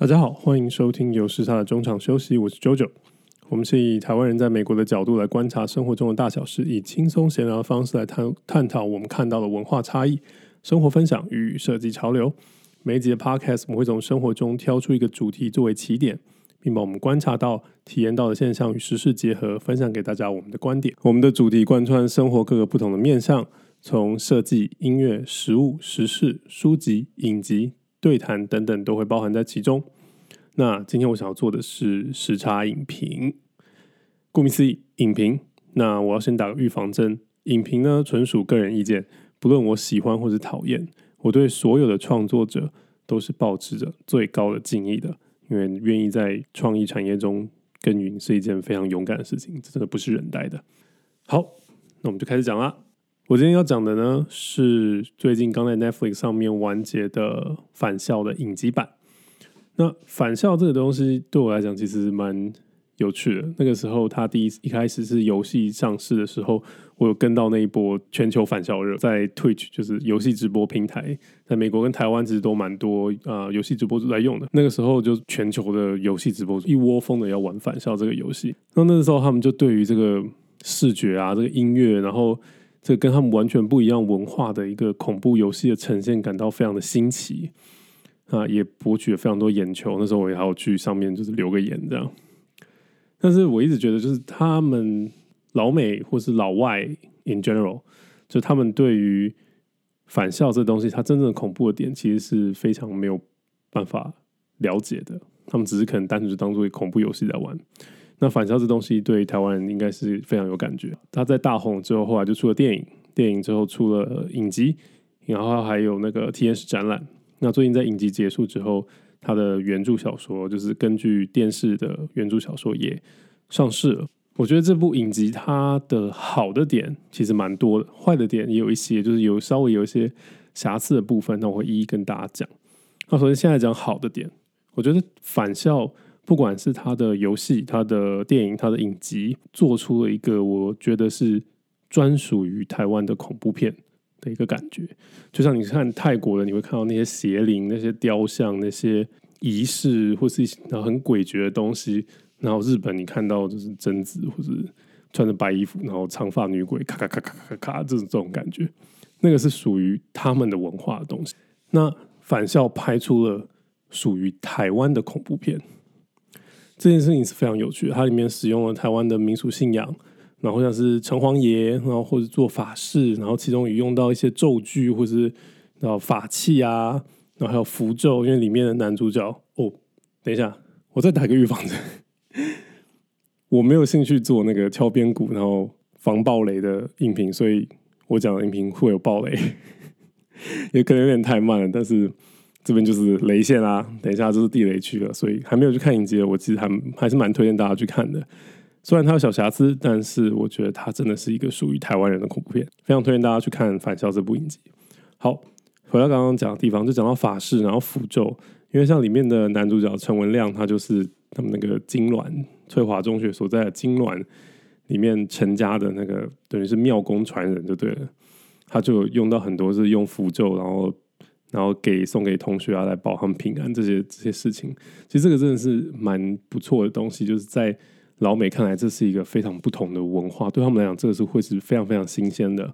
大家好，歡迎收聽有時差的中場休息，我是 JoJo。我們是以台灣人在美國的角度來觀察生活中的大小事，以輕鬆閒聊的方式來探探討我們看到的文化差異、生活分享與設計潮流。每一集的 Podcast，我們會從生活中挑出一個主題作為起點，並把我們觀察到、體驗到的現象與時事結合，分享給大家我們的觀點。我們的主題貫穿生活各個不同的面向，從設計、音樂、食物、時事、書籍、影集。對談等等都會包含在其中。那今天我想要做的是時差影評，顧名思義，影評。那我要先打個預防針，影評呢，純屬個人意見，不論我喜歡或是討厭，我對所有的創作者都是抱持着最高的敬意的，因為願意在創意產業中耕耘是一件非常勇敢的事情，這真的不是人待的。好，那我們就開始講啦。我今天要講的呢，是最近剛在 Netflix 上面完結的《返校》的影集版。那《返校》這個東西對我來講其實是蠻有趣的。那個時候，他第一一開始是遊戲上市的時候，我有跟到那一波全球返校熱，在 Twitch 就是遊戲直播平台，在美國跟台灣其實都蠻多啊、呃、遊戲直播主在用的。那個時候，就全球的遊戲直播主一窩蜂的要玩《返校》這個遊戲。那那個時候，他們就對於這個視覺啊，這個音樂，然後這跟他們完全不一樣文化的一個恐怖遊戲的呈現，感到非常的新奇啊，也博取了非常多眼球。那時候我也要去上面就是留個言這樣。但是我一直覺得，就是他們老美或是老外 in general，就他們對於返校這東西，它真正恐怖的點其實是非常沒有辦法了解的。他們只是可能單純就當做一個恐怖遊戲在玩。那返校這東西對台灣人應該是非常有感覺。他在大紅之後，後來就出了電影，電影之後出了影集，然後還有那個 T S 展覽。那最近在影集結束之後，他的原著小說就是根據電視的原著小說也上市了。我覺得這部影集它的好的點其實蠻多的，壞的點也有一些，就是有稍微有一些瑕疵的部分。那我會一一跟大家講。那首先現在講好的點，我覺得返校。不管是他的遊戲、他的電影、他的影集，做出了一個我覺得是專屬於台灣的恐怖片的一個感覺。就像你看泰國的，你會看到那些邪靈、那些雕像、那些儀式，或是很詭譎的東西；然後日本，你看到就是貞子，或是穿着白衣服、然後長髮女鬼，咔咔咔咔咔咔，這種、這種感覺，那個是屬於他們的文化的東西。那返校拍出了屬於台灣的恐怖片。這件事情是非常有趣的。它裡面使用了台灣的民俗信仰，然後像是城隍爺，然後或者是做法事，然後其中也用到一些咒句，或者是然後法器啊，然後還有符咒。因為裡面的男主角，哦，等一下，我再打個預防針， 我沒有興趣做那個敲邊鼓，然後防爆雷的音頻，所以我講的音頻會有爆雷， 也可能有點太慢了，但是。這邊就是雷線啦，啊，等一下就是地雷區了，啊，所以還沒有去看影集的，我其實還還是蠻推薦大家去看的。雖然它有小瑕疵，但是我覺得它真的是一個屬於臺灣人的恐怖片，非常推薦大家去看《返校》這部影集。好，回到剛剛講的地方，就講到法事，然後符咒，因為像裡面的男主角陳文亮，他就是他們那個金卵翠華中學所在的金卵，裡面陳家的那個，等於是廟公傳人就對了，他就用到很多，就是用符咒，然後，然後給送給同學啊，來保他們平安這些這些事情，其實這個真的是蠻不錯的東西。就是在老美看來，這是一個非常不同的文化，對他們來講，這個是會是非常非常新鮮的。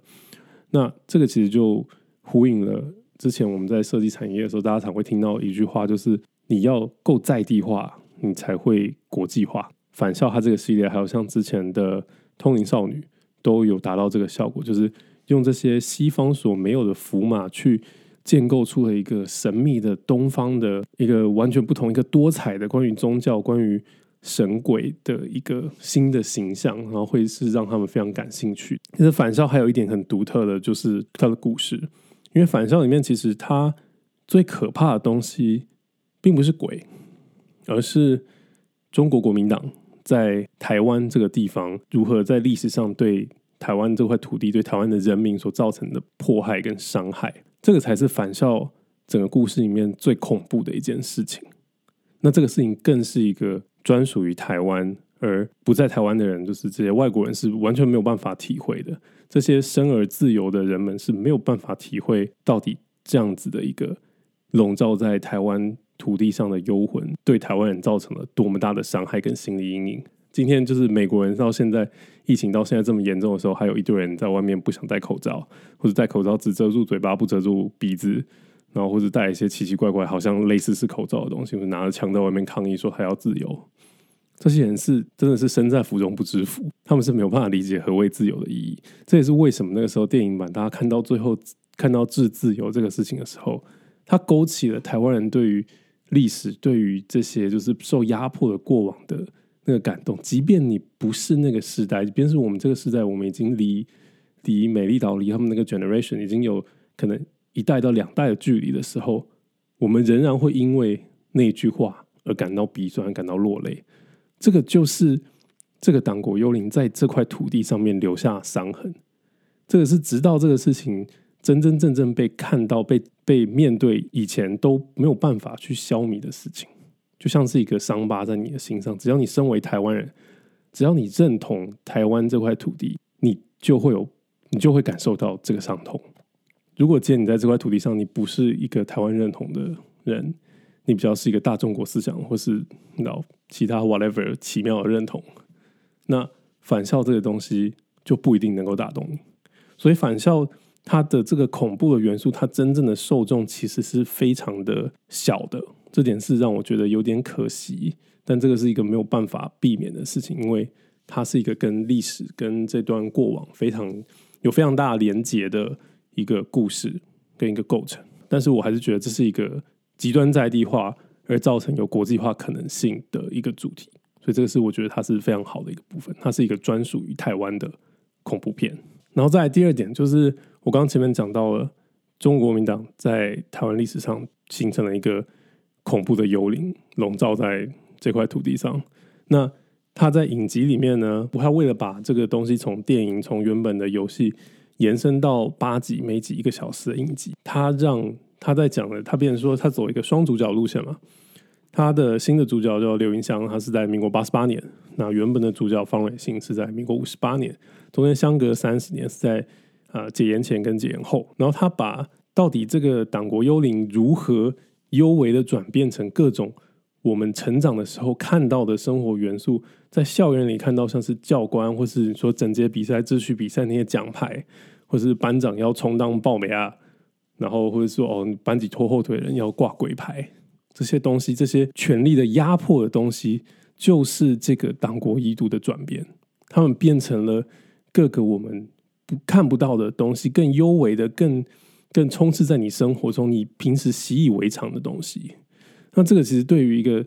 那這個其實就呼應了之前我們在設計產業的時候，大家常會聽到一句話，就是你要夠在地化，你才會國際化。返校它這個系列，還有像之前的《通靈少女》，都有達到這個效果，就是用這些西方所沒有的符碼去。建構出了一個神秘的東方的、一個完全不同、一個多彩的關於宗教、關於神鬼的一個新的形象，然後會是讓他們非常感興趣。其實《返校》還有一點很獨特的，就是它的故事。因為《返校》裡面其實它最可怕的東西，並不是鬼，而是中國國民黨在台灣這個地方如何在歷史上對台灣這塊土地、對台灣的人民所造成的迫害跟傷害。這個才是返校整個故事裡面最恐怖的一件事情。那這個事情更是一個專屬於台灣，而不在台灣的人，就是這些外國人，是完全沒有辦法體會的。這些生而自由的人們是沒有辦法體會到底這樣子的一個籠罩在台灣土地上的幽魂，對台灣人造成了多麼大的傷害跟心理陰影。今天就是美國人到現在，疫情到現在這麼嚴重的時候，還有一堆人在外面不想戴口罩，或者戴口罩只遮住嘴巴不遮住鼻子，然後或者戴一些奇奇怪怪、好像類似是口罩的東西，就是、拿着槍在外面抗議說還要自由。這些人是真的是身在福中不知福，他們是沒有辦法理解何謂自由的意義。這也是為什麼那個時候電影版大家看到最後看到治自由這個事情的時候，他勾起了台灣人對於歷史、對於這些就是受壓迫的過往的。那個感動，即便你不是那個時代，即便是我們這個時代。我們已經離離美麗島離他們那個 generation 已經有可能一代到兩代的距離的時候，我們仍然會因為那句話而感到鼻酸，感到落淚。這個就是這個黨國幽靈在這塊土地上面留下傷痕。這個是直到這個事情，真真正正被看到、被被面對，以前都沒有辦法去消弭的事情。就像是一個傷疤在你的心上，只要你身為台灣人，只要你認同台灣這塊土地，你就會有，你就會感受到這個傷痛。如果今天你在這塊土地上，你不是一個台灣認同的人，你比較是一個大中國思想或是你知道其他 whatever 奇妙的認同，那返校這個東西就不一定能夠打動你。所以返校。它的這個恐怖的元素，它真正的受眾其實是非常的小的，這點是讓我覺得有點可惜。但這個是一個沒有辦法避免的事情，因為它是一個跟歷史、跟這段過往非常有非常大連接的一個故事跟一個構成。但是我還是覺得這是一個極端在地化而造成有國際化可能性的一個主題，所以這個是我覺得它是非常好的一個部分。它是一個專屬於台灣的恐怖片。然後再第二點就是。我剛前面講到了中國國民黨在台灣歷史上形成了一個恐怖的幽靈，籠罩在這塊土地上。那他在影集裡面呢，他為了把這個東西從電影、從原本的遊戲延伸到八集、每集一個小時的影集，他讓他在講的，他變成說他走一個雙主角路線嘛。他的新的主角叫劉芸香，他是在民國八十八年；那原本的主角方芮欣是在民國五十八年，中間相隔三十年，是在。呃，解嚴前跟解嚴後，然後他把到底這個黨國幽靈如何幽微的轉變成各種我們成長的時候看到的生活元素，在校園裡看到像是教官或是說整潔比賽秩序比賽那些獎牌，或是班長要充當報馬仔，然後或者說哦班級拖後腿的人要掛鬼牌這些東西，這些權力的壓迫的東西，就是這個黨國遺毒的轉變，他們變成了各個我們。看不到的東西，更幽微的、更更充斥在你生活中，你平時習以為常的東西。那這個其實對於一個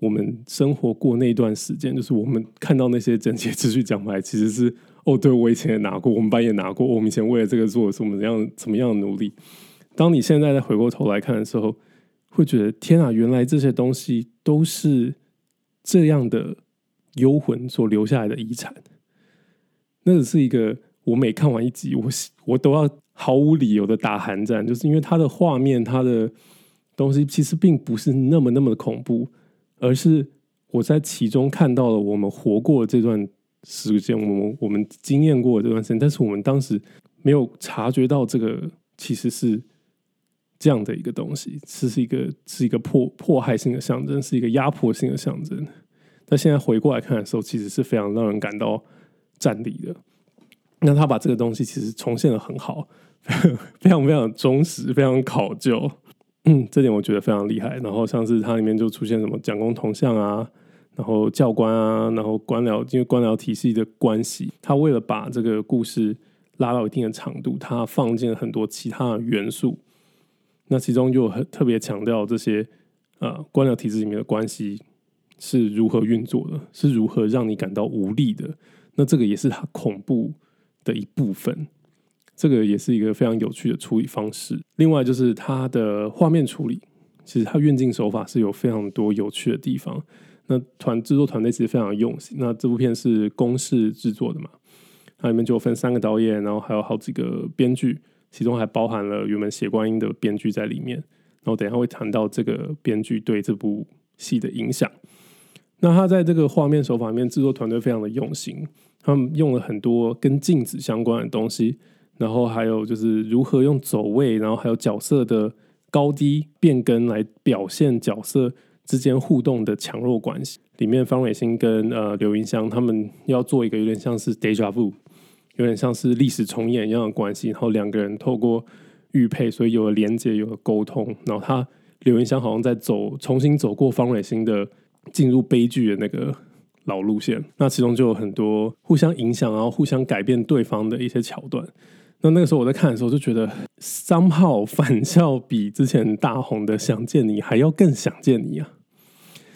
我們生活過那段時間，就是我們看到那些整潔秩序獎牌，其實是哦，對我以前也拿過，我們班也拿過，哦、我們以前為了這個做什麼樣、怎麼樣的努力。當你現在再回過頭來看的時候，會覺得天啊，原來這些東西都是這樣的幽魂所留下來的遺產。那只是一個。我每看完一集，我我都要毫無理由的打寒戰，就是因為它的畫面，它的東西其實並不是那麼那麼的恐怖，而是我在其中看到了我們活過這段時間，我們我們經驗過的這段時間，但是我們當時沒有察覺到這個其實是這樣的一個東西，這是一個是一個迫迫害性的象徵，是一個壓迫性的象徵。那現在回過來看的時候，其實是非常讓人感到戰慄的。那他把這個東西其實重現的很好，非常非常忠實，非常考究。嗯，這點我覺得非常厲害。然後像是它裡面就出現什麼蔣公銅像啊，然後教官啊，然後官僚，因為官僚體系的關係，他為了把這個故事拉到一定的長度，他放進了很多其他的元素。那其中就很特別強調這些啊、呃，官僚體制裡面的關係是如何運作的，是如何讓你感到無力的。那這個也是很恐怖的一部分，這個也是一個非常有趣的處理方式。另外就是它的畫面處理，其實它運鏡手法是有非常多有趣的地方。那團制作團隊其實非常用心。那這部片是公視製作的嘛？那裡面就分三個導演，然後還有好幾個編劇，其中還包含了原本寫血觀音的編劇在裡面。然後等一下會談到這個編劇對這部戲的影響。那他在這個畫面手法裡面，制作團隊非常的用心，他們用了很多跟鏡子相關的東西，然後還有就是如何用走位，然後還有角色的高低變更來表現角色之間互動的強弱關係。裡面方芮欣跟呃劉芸香，他們要做一個有點像是 deja vu，有點像是歷史重演一樣的關係。然後兩個人透過玉佩，所以有了連接，有了溝通。然後他劉芸香好像在走，重新走過方芮欣的。進入悲劇的那個老路線，那其中就有很多互相影響，然後互相改變對方的一些橋段。那那個時候我在看的時候，就覺得 Somehow 返校比之前大紅的《想見你》還要更想見你啊！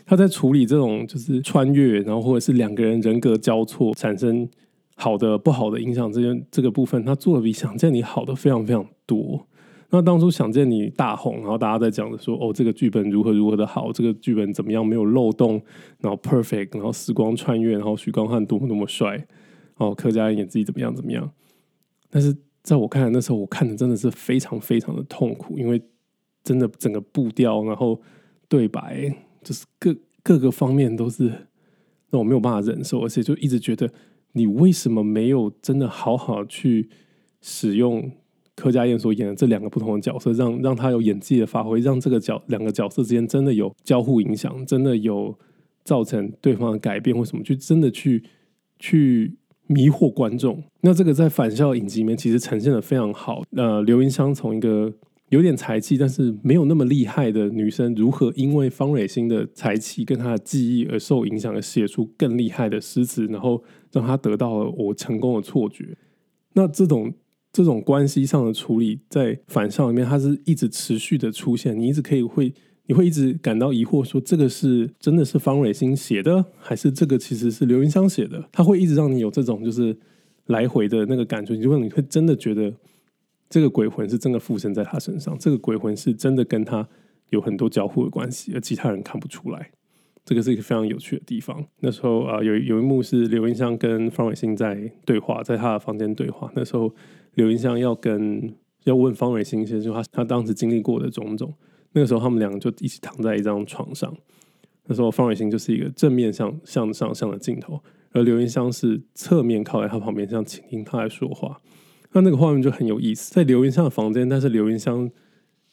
他在處理這種就是穿越，然後或者是兩個人人格交錯產生好的、不好的影響之間這個部分，他做的比《想見你》好的非常非常多。那當初想見你大紅，然後大家在講的說哦，這個劇本如何如何的好，這個劇本怎麼樣沒有漏洞，然後 perfect，然後時光穿越，然後許光漢多麼多麼帥，然後柯佳嬿演自己怎麼樣怎麼樣。但是在我看來，那時候我看的真的是非常非常的痛苦，因為真的整個步調，然後對白，就是各各個方面都是讓我沒有辦法忍受，而且就一直覺得你為什麼沒有真的好好去使用，柯佳嬿所演的這兩個不同的角色，讓讓他有演技的發揮，讓這個角兩個角色之間真的有交互影響，真的有造成對方的改變或什麼，就真的去去迷惑觀眾。那這個在返校的影集裡面其實呈現的非常好。呃，劉芸香從一個有點才氣但是沒有那麼厲害的女生，如何因為方芮欣的才氣跟她的記憶而受影響，而寫出更厲害的詩詞，然後讓她得到了我成功的錯覺。那這種。這種關係上的處理在返校裡面，它是一直持續的出現。你一直可以會，你會一直感到疑惑，說這個是真的是方芮欣寫的，還是這個其實是劉芸香寫的？他會一直讓你有這種就是來回的那個感覺。如果你會真的覺得這個鬼魂是真的附身在他身上，這個鬼魂是真的跟他有很多交互的關係，而其他人看不出來，這個是一個非常有趣的地方。那時候啊、呃，有有一幕是劉芸香跟方芮欣在對話，在他的房間對話。那時候。劉芸香要跟要問方芮欣先些就他，他當時經歷過的種種。那個時候，他們兩個就一起躺在一張床上。那時候，方芮欣就是一個正面向向上上的鏡頭，而劉芸香是側面靠在他旁邊，這樣傾聽他在說話。那那個畫面就很有意思，在劉芸香的房間，但是劉芸香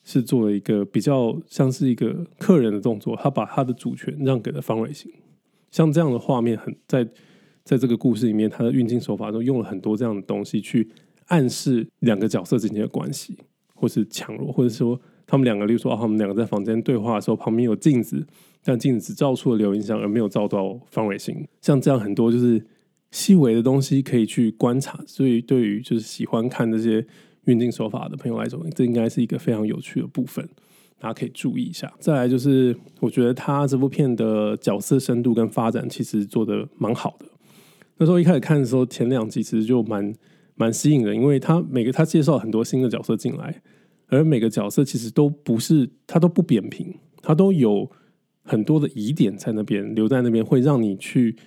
是做了一個比較像是一個客人的動作，他把他的主權讓給了方芮欣。像這樣的畫面很，很在在這個故事裡面，他的運鏡手法中用了很多這樣的東西去。暗示兩個角色之間的關係，或是強弱，或者說他們兩個，例如說他們兩個在房間對話的時候，旁邊有鏡子，但鏡子只照出了劉芸香，而沒有照到方芮欣。像這樣很多就是細微的東西可以去觀察，所以對於就是喜歡看這些運鏡手法的朋友來說，這應該是一個非常有趣的部分，大家可以注意一下。再來就是，我覺得他這部片的角色深度跟發展其實做得蠻好的。那時候一開始看的時候，前兩集其實就蠻。蠻吸引人，因為他每個他介紹很多新的角色進來，而每個角色其實都不是他都不扁平，他都有很多的疑點在那邊留在那邊，會讓你去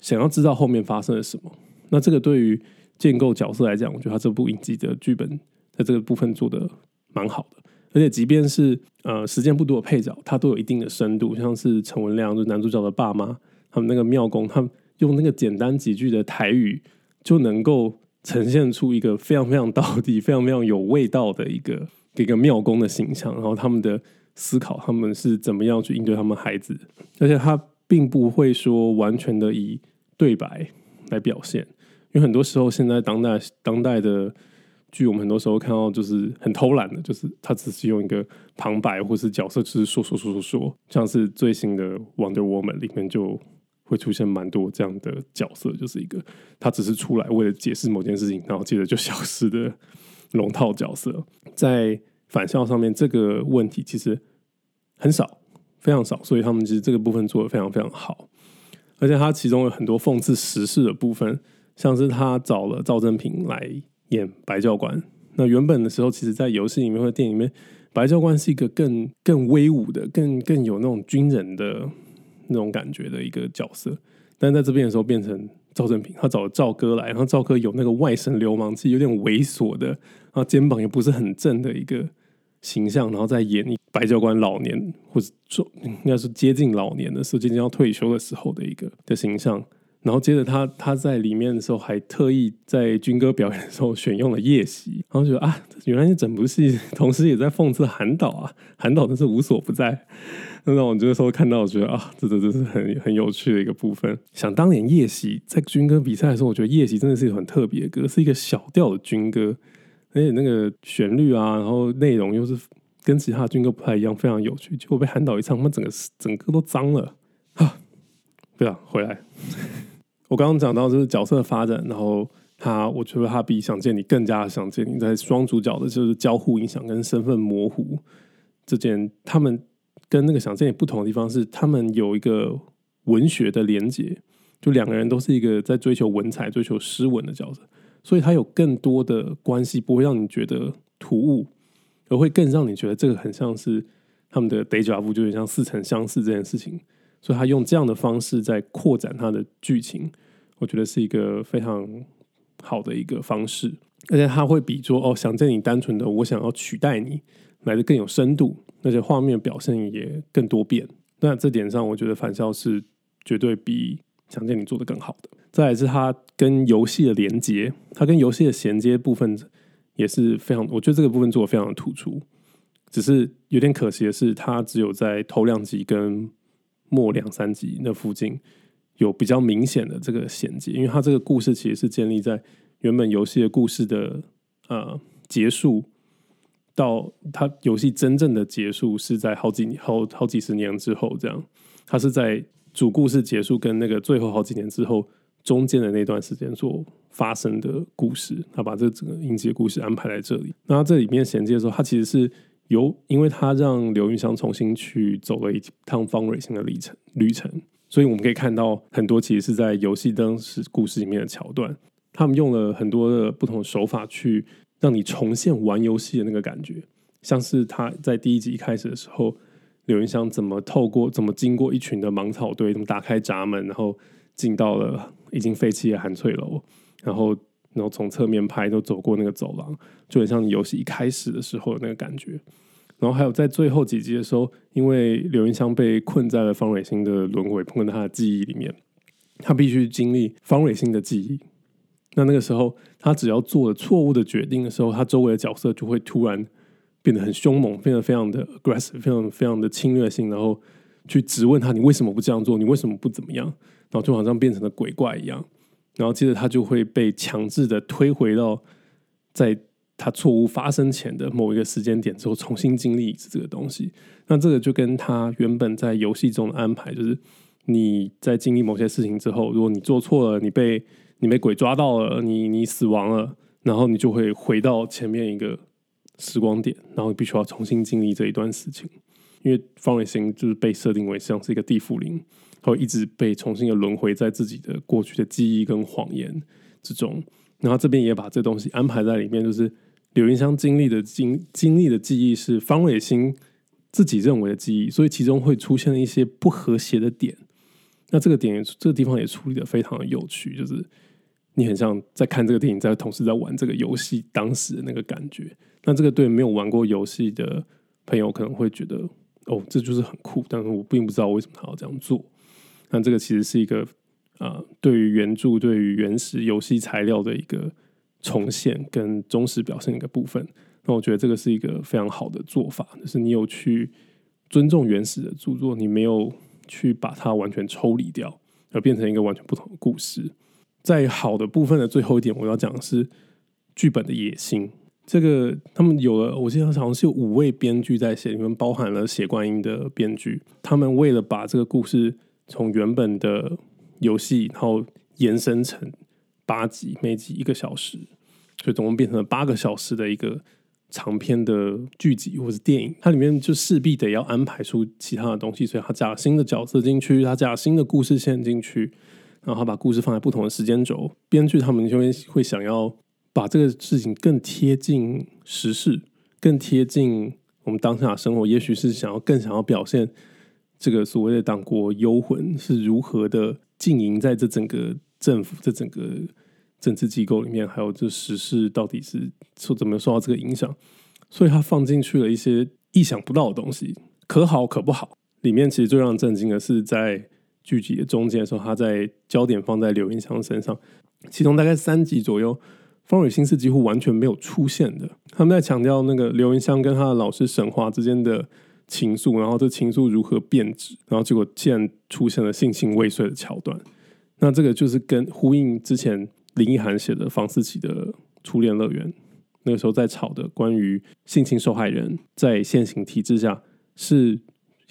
想要知道後面發生了什麼。那這個對於建構角色來講，我覺得他這部影集的劇本在這個部分做得蠻好的，而且即便是呃時間不多的配角，他都有一定的深度，像是陳文亮就是男主角的爸媽，他們那個廟公，他們用那個簡單幾句的台語就能夠。呈現出一個非常非常道地、非常非常有味道的一個一個廟公的形象，然後他們的思考，他們是怎麼樣去應對他們孩子，而且他並不會說完全的以對白來表現，因為很多時候現在當代當代的劇，我們很多時候看到就是很偷懶的，就是他只是用一個旁白或是角色，就是說說說說說，像是最新的《Wonder Woman》裡面就。會出現蠻多這樣的角色，就是一個他只是出來為了解釋某件事情，然後接着就消失的龍套角色。在返校上面這個問題其實很少，非常少，所以他們其實這個部分做得非常非常好。而且他其中有很多諷刺時事的部分，像是他找了趙正平來演白教官。那原本的時候，其實在遊戲裡面或電影裡面，白教官是一個更更威武的、更更有那種軍人的。那種感覺的一個角色，但在這邊的時候變成趙正平，他找了趙哥來，然後趙哥有那個外省流氓氣，有點猥瑣的，然後肩膀也不是很正的一個形象，然後再演白教官老年或者應該是接近老年的時候，接近要退休的時候的一個的形象。然後接着他他在裡面的時候還特意在軍歌表演的時候選用了夜襲，然後覺得啊，原來是整部戲，同時也在諷刺韓導啊，韓導真是無所不在。那讓我覺得說看到我覺得啊，這個真是很很有趣的一個部分。想當年夜襲在軍歌比賽的時候，我覺得夜襲真的是一個很特別的歌，是一個小調的軍歌，而且那個旋律啊，然後內容又是跟其他軍歌不太一樣，非常有趣。結果被韓導一唱，他們整個整個都髒了啊！對了，回來， 我剛剛講到就是角色的發展，然後他，我覺得他比想見你更加想見你，在雙主角的就是交互影響跟身份模糊這件，他們。跟那個《想見你》不同的地方是，他們有一個文學的連結，就兩個人都是一個在追求文采、追求詩文的角色，所以他有更多的關係，不會讓你覺得突兀，而會更讓你覺得這個很像是他們的 day job，就很像似曾相識這件事情。所以他用這樣的方式在擴展他的劇情，我覺得是一個非常好的一個方式，而且他會比說“哦，想見你”單純的我想要取代你來的更有深度。那些畫面表現也更多變，那這點上，我覺得返校是絕對比《想見你》做的更好的。再來是它跟遊戲的連接，它跟遊戲的銜接部分也是非常，我覺得這個部分做的非常的突出。只是有點可惜的是，它只有在頭兩集跟末兩三集那附近有比較明顯的這個銜接，因為它這個故事其實是建立在原本遊戲的故事的呃結束。到他遊戲真正的結束是在好幾年、好好幾十年之後這樣。他是在主故事結束跟那個最後好幾年之後中間的那段時間所發生的故事，他把這整個銜接故事安排在這裡。那它這裡面銜接的時候，他其實是由，因為他讓劉芸香重新去走了一趟方芮欣的歷程旅程，所以我們可以看到很多其實是在遊戲當時故事裡面的橋段，他們用了很多的不同的手法去。讓你重現玩遊戲的那個感覺，像是他在第一集一開始的時候，劉芸香怎麼透過、怎麼經過一群的芒草堆，怎麼打開閘門，然後進到了已經廢棄的寒翠樓，然後然後從側面拍，就走過那個走廊，就很像你遊戲一開始的時候的那個感覺。然後還有在最後幾集的時候，因為劉芸香被困在了方芮欣的輪迴，碰在她的記憶裡面，她必須經歷方芮欣的記憶。那那個時候，他只要做了錯誤的決定的時候，他周圍的角色就會突然變得很凶猛，變得非常的 aggressive，非常非常的侵略性，然後去質問他：“你為什麼不這樣做？你為什麼不怎麼樣？”然後就好像變成了鬼怪一樣，然後接着他就會被強制的推回到在他錯誤發生前的某一個時間點之後，重新經歷一次這個東西。那這個就跟他原本在遊戲中的安排就是：你在經歷某些事情之後，如果你做錯了，你被。你被鬼抓到了，你你死亡了，然後你就會回到前面一個時光點，然後必須要重新經歷這一段事情。因為方芮欣就是被設定為像是一個地縛靈，會一直被重新的輪回在自己的過去的記憶跟謊言之中。然後這邊也把這東西安排在裡面，就是劉芸香經歷的經經歷的記憶是方芮欣自己認為的記憶，所以其中會出現一些不和諧的點。那這個點這個地方也處理的非常的有趣，就是。你很像在看這個電影，在同時在玩這個遊戲當時的那個感覺。那這個對沒有玩過遊戲的朋友可能會覺得哦，這就是很酷，但是我並不知道為什麼他要這樣做。那這個其實是一個啊、呃，對於原著、對於原始遊戲材料的一個重現跟忠實表現的一個部分。那我覺得這個是一個非常好的做法，就是你有去尊重原始的著作，你沒有去把它完全抽離掉，而變成一個完全不同的故事。在好的部分的最後一點，我要講的是劇本的野心。這個他們有了，我記得好像是有五位編劇在寫，裡面包含了血觀音的編劇。他們為了把這個故事從原本的遊戲，然後延伸成八集，每集一個小時，所以總共變成了八個小時的一個長篇的劇集或是電影。它裡面就勢必得要安排出其他的東西，所以它加了新的角色進去，它加了新的故事線進去。然後他把故事放在不同的時間軸，編劇他們就會會想要把這個事情更貼近時事，更貼近我們當下的生活，也許是想要更想要表現這個所謂的黨國幽魂，是如何的經營在這整個政府、這整個政治機構裡面，還有這時事到底是受怎麼受到這個影響，所以他放進去了一些意想不到的東西，可好可不好。裡面其實最讓人震驚的是在。劇集的中間的時候，他在焦點放在劉芸香身上，其中大概三集左右，方芮欣是幾乎完全沒有出現的。他們在強調那個劉芸香跟他的老師沈華之間的情愫，然後這情愫如何變質，然後結果竟然出現了性侵未遂的橋段。那這個就是跟呼應之前林奕含寫的房思琪的初戀樂園，那個時候在吵的關於性侵受害人，在現行體制下是。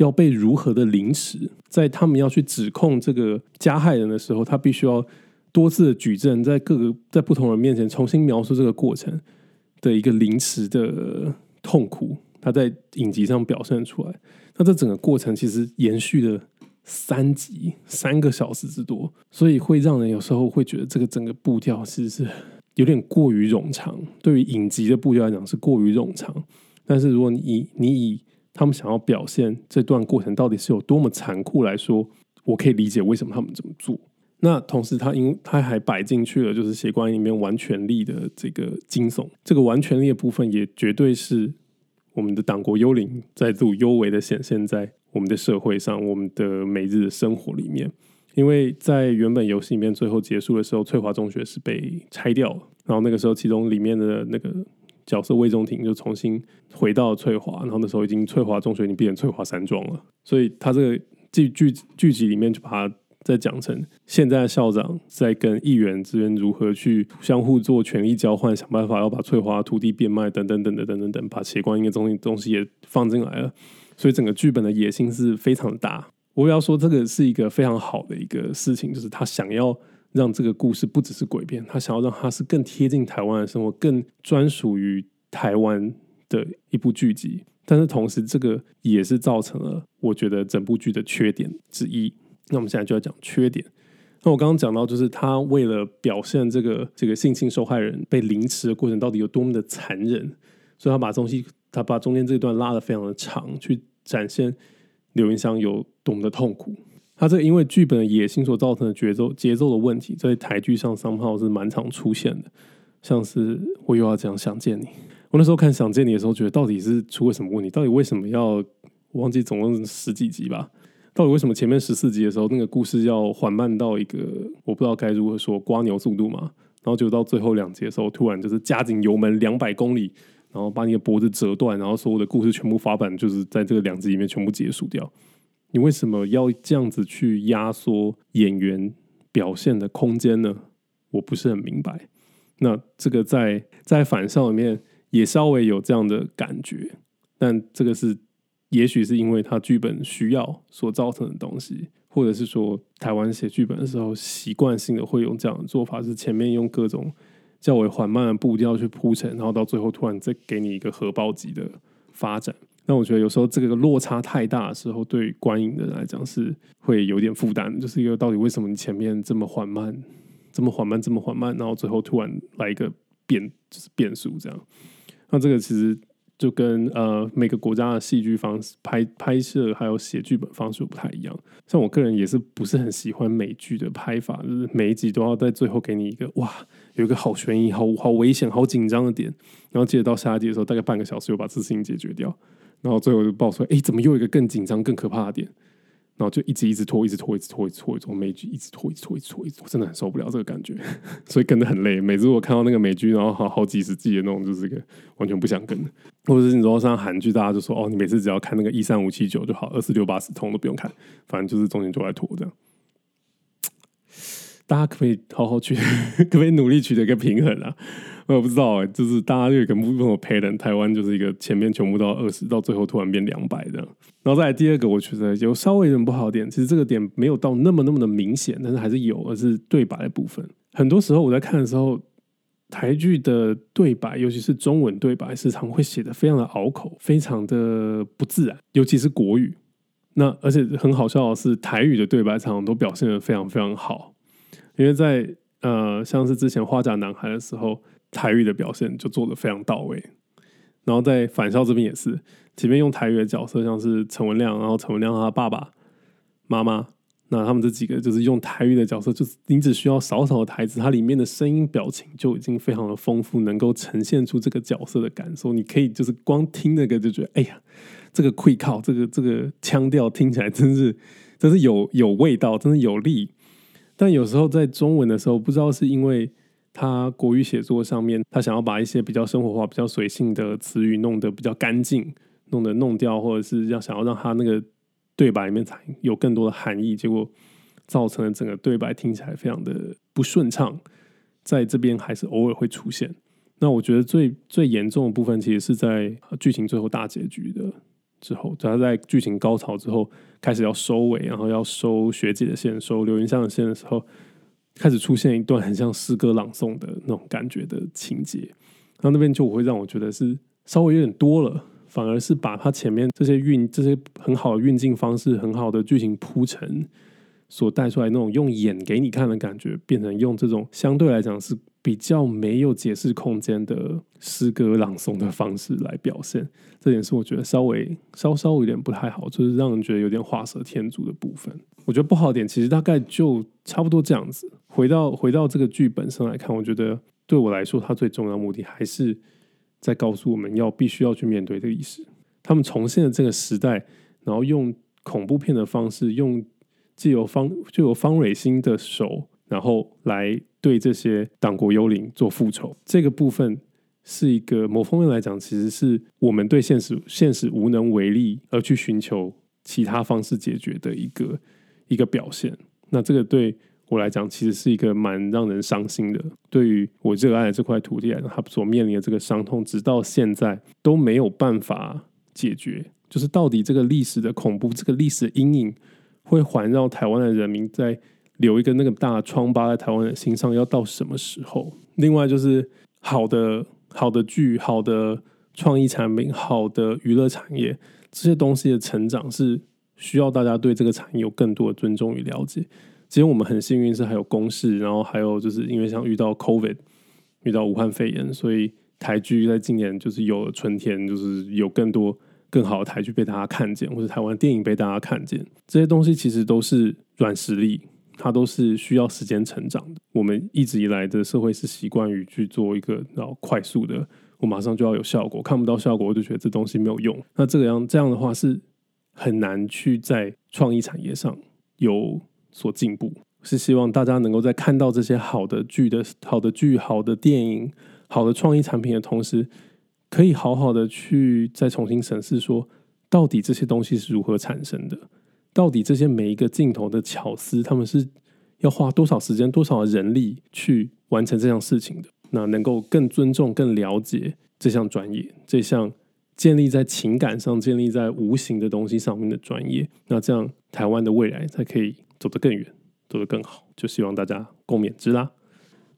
要被如何的凌遲，在他們要去指控這個加害人的時候，他必須要多次的舉證，在各個在不同人面前重新描述這個過程的一個凌遲的痛苦，他在影集上表現出來。那這整個過程其實延續了三集三個小時之多，所以會讓人有時候會覺得這個整個步調其實是有點過於冗長，對於影集的步調來講是過於冗長。但是如果你你以他們想要表現這段過程到底是有多麼殘酷來說，我可以理解為什麼他們這麼做。那同時，他因他還擺進去了，就是習慣裡面玩權力的這個驚悚，這個玩權力的部分也絕對是我們的黨國幽靈再度幽微的顯現在我們的社會上，我們的每日的生活裡面。因為在原本遊戲裡面最後結束的時候，翠華中學是被拆掉了，然後那個時候，其中裡面的那個。角色魏仲廷就重新回到了翠華，然後那時候已經翠華中學已經變成翠華山莊了，所以他這個劇劇劇集裡面就把它再講成現在的校長在跟議員之間如何去相互做權力交換，想辦法要把翠華土地變賣，等等等等等等等把血觀音的東東西也放進來了，所以整個劇本的野心是非常大。我要說這個是一個非常好的一個事情，就是他想要。讓這個故事不只是鬼片，他想要讓他是更貼近台灣的生活，更專屬於台灣的一部劇集。但是同時，這個也是造成了我覺得整部劇的缺點之一。那我們現在就要講缺點。那我剛剛講到，就是他為了表現這個這個性侵受害人被凌遲的過程到底有多麼的殘忍，所以他把東西他把中間這段拉得非常的長，去展現劉雲香有多麼的痛苦。他這個因為劇本的野心所造成的節奏節奏的問題，在台劇上 somehow 是蠻常出現的。像是我又要這樣想見你，我那時候看《想見你》的時候，覺得到底是出了什麼問題？到底為什麼要？我忘記總共十幾集吧？到底為什麼前面十四集的時候，那個故事要緩慢到一個我不知道該如何說蝸牛速度嘛？然後就到最後兩集的時候，突然就是加緊油門兩百公里，然後把你的脖子折斷，然後所有的故事全部發展，就是在這個兩集裡面全部結束掉。你為什麼要這樣子去壓縮演員表現的空間呢？我不是很明白。那這個在在返校裡面也稍微有這樣的感覺，但這個是也許是因為他劇本需要所造成的東西，或者是說台灣寫劇本的時候習慣性的會用這樣的做法，是前面用各種較為緩慢的步調去鋪陳，然後到最後突然再給你一個核爆級的發展。那我覺得有時候這個落差太大的時候對觀影的人來講是會有點負擔。就是一個到底為什麼你前面這麼緩慢，這麼緩慢，這麼緩慢，然後最後突然來一個變，就是變數這樣。那這個其實就跟呃每個國家的戲劇方式拍拍攝還有寫劇本方式不太一樣。像我個人也是不是很喜歡美劇的拍法，就是每一集都要在最後給你一個哇，有一個好懸疑、好好危險、好緊張的點，然後接着到下一集的時候，大概半個小時又把事情解決掉。然後最後就爆出來，哎，怎麼又有一個更緊張、更可怕的點？然後就一直一直拖，一直拖，一直拖，一直拖，一直拖美劇，一直拖，一直拖，一直拖，一直拖，我真的很受不了這個感覺， 所以跟得很累。每次我看到那個美劇，然後好好幾十集的那種，就是一個完全不想跟。或者是你知道，上韓劇，大家就說，哦，你每次只要看那個一三五七九就好，二四六八十通都不用看，反正就是中間都在拖這樣。大家可不可以好好去，可不可以努力取得一個平衡啊？我也不知道、欸、就是大家就有一個部分我陪人，台灣就是一個前面全部到二十，到最後突然變兩百的。然後再來第二個，我覺得有稍微有點不好點，其實這個點沒有到那麼那麼的明顯，但是還是有，而是對白的部分。很多時候我在看的時候，台劇的對白，尤其是中文對白，時常會寫得非常的拗口，非常的不自然，尤其是國語。那而且很好笑的是，台語的對白常常都表現得非常非常好，因為在呃，像是之前花甲男孩的時候。台語的表現就做的非常到位，然後在返校這邊也是，前面用台語的角色，像是陳文亮，然後陳文亮他爸爸、媽媽，那他們這幾個就是用台語的角色，就是你只需要少少的台詞，它裡面的聲音、表情就已經非常的豐富，能夠呈現出這個角色的感受。你可以就是光聽那個就覺得，哎呀，這個氣口這個這個腔調聽起來真是，真是有有味道，真的有力。但有時候在中文的時候，不知道是因為。他國語寫作上面，他想要把一些比較生活化、比較隨性的詞語弄得比較乾淨，弄得弄掉，或者是要想要讓他那個對白裡面才有更多的含義，結果造成了整個對白聽起來非常的不順暢。在這邊還是偶爾會出現。那我覺得最最嚴重的部分，其實是在劇情最後大結局的之後，主要在劇情高潮之後開始要收尾，然後要收學姐的線、收劉芸香的線的時候。開始出現一段很像詩歌朗誦的那種感覺的情節，然後那邊就會讓我覺得是稍微有點多了，反而是把它前面這些運、這些很好的運鏡方式、很好的劇情鋪陳所帶出來的那種用演給你看的感覺，變成用這種相對來講是比較沒有解釋空間的詩歌朗誦的方式來表現，這點是我覺得稍微、稍稍有點不太好，就是讓人覺得有點畫蛇添足的部分。我覺得不好點，其實大概就差不多這樣子。回到回到這個劇本上來看，我覺得對我來說，它最重要的目的還是在告訴我們要必須要去面對這個意思。他們重現了這個時代，然後用恐怖片的方式，用借由方就由方芮欣的手，然後來對這些黨國幽靈做復仇。這個部分是一個某方面來講，其實是我們對現實現實無能為力，而去尋求其他方式解決的一個。一個表現，那這個對我來講，其實是一個蠻讓人傷心的。對於我熱愛的這塊土地來說，他所面臨的這個傷痛，直到現在都沒有辦法解決。就是到底這個歷史的恐怖，這個歷史的陰影會環繞臺灣的人民，在留一個那個大瘡疤在臺灣的心上，要到什麼時候？另外，就是好的、好的劇、好的創意產品、好的娛樂產業這些東西的成長是。需要大家對這個產業有更多的尊重與了解。其實我們很幸運是還有公視，然後還有就是因為像遇到 COVID、遇到武漢肺炎，所以台劇在今年就是有了春天，就是有更多更好的台劇被大家看見，或者台灣電影被大家看見。這些東西其實都是軟實力，它都是需要時間成長的。我們一直以來的社會是習慣於去做一個然後快速的，我馬上就要有效果，看不到效果我就覺得這東西沒有用。那這個樣這樣的話是。很難去在創意產業上有所進步，是希望大家能夠在看到這些好的劇的、好的劇、好的電影、好的創意產品的同時，可以好好的去再重新審視說，到底這些東西是如何產生的？到底這些每一個鏡頭的巧思，他們是要花多少時間、多少人力去完成這項事情的？那能夠更尊重、更了解這項專業，這項。建立在情感上，建立在無形的東西上面的專業，那這樣台灣的未來才可以走得更遠，走得更好。就希望大家共勉之啦。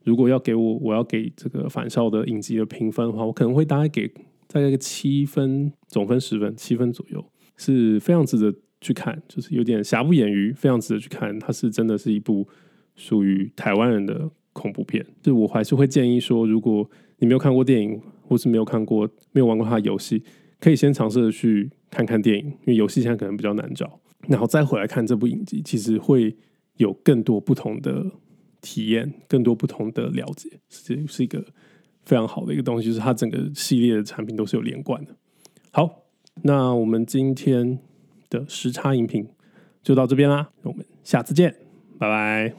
如果要給我，我要給這個返校的影集的評分的話，我可能會大概給大概個七分，總分十分，七分左右，是非常值得去看，就是有點瑕不掩瑜，非常值得去看。它是真的是一部屬於台灣人的恐怖片，就我還是會建議說，如果你沒有看過電影。或是沒有看過、沒有玩過它的遊戲，可以先嘗試去看看電影，因為遊戲現在可能比較難找，然後再回來看這部影集，其實會有更多不同的體驗，更多不同的了解，是，這是一個非常好的一個東西，就是它整個系列的產品都是有連貫的。好，那我們今天的時差影評就到這邊啦，我們下次見，拜拜。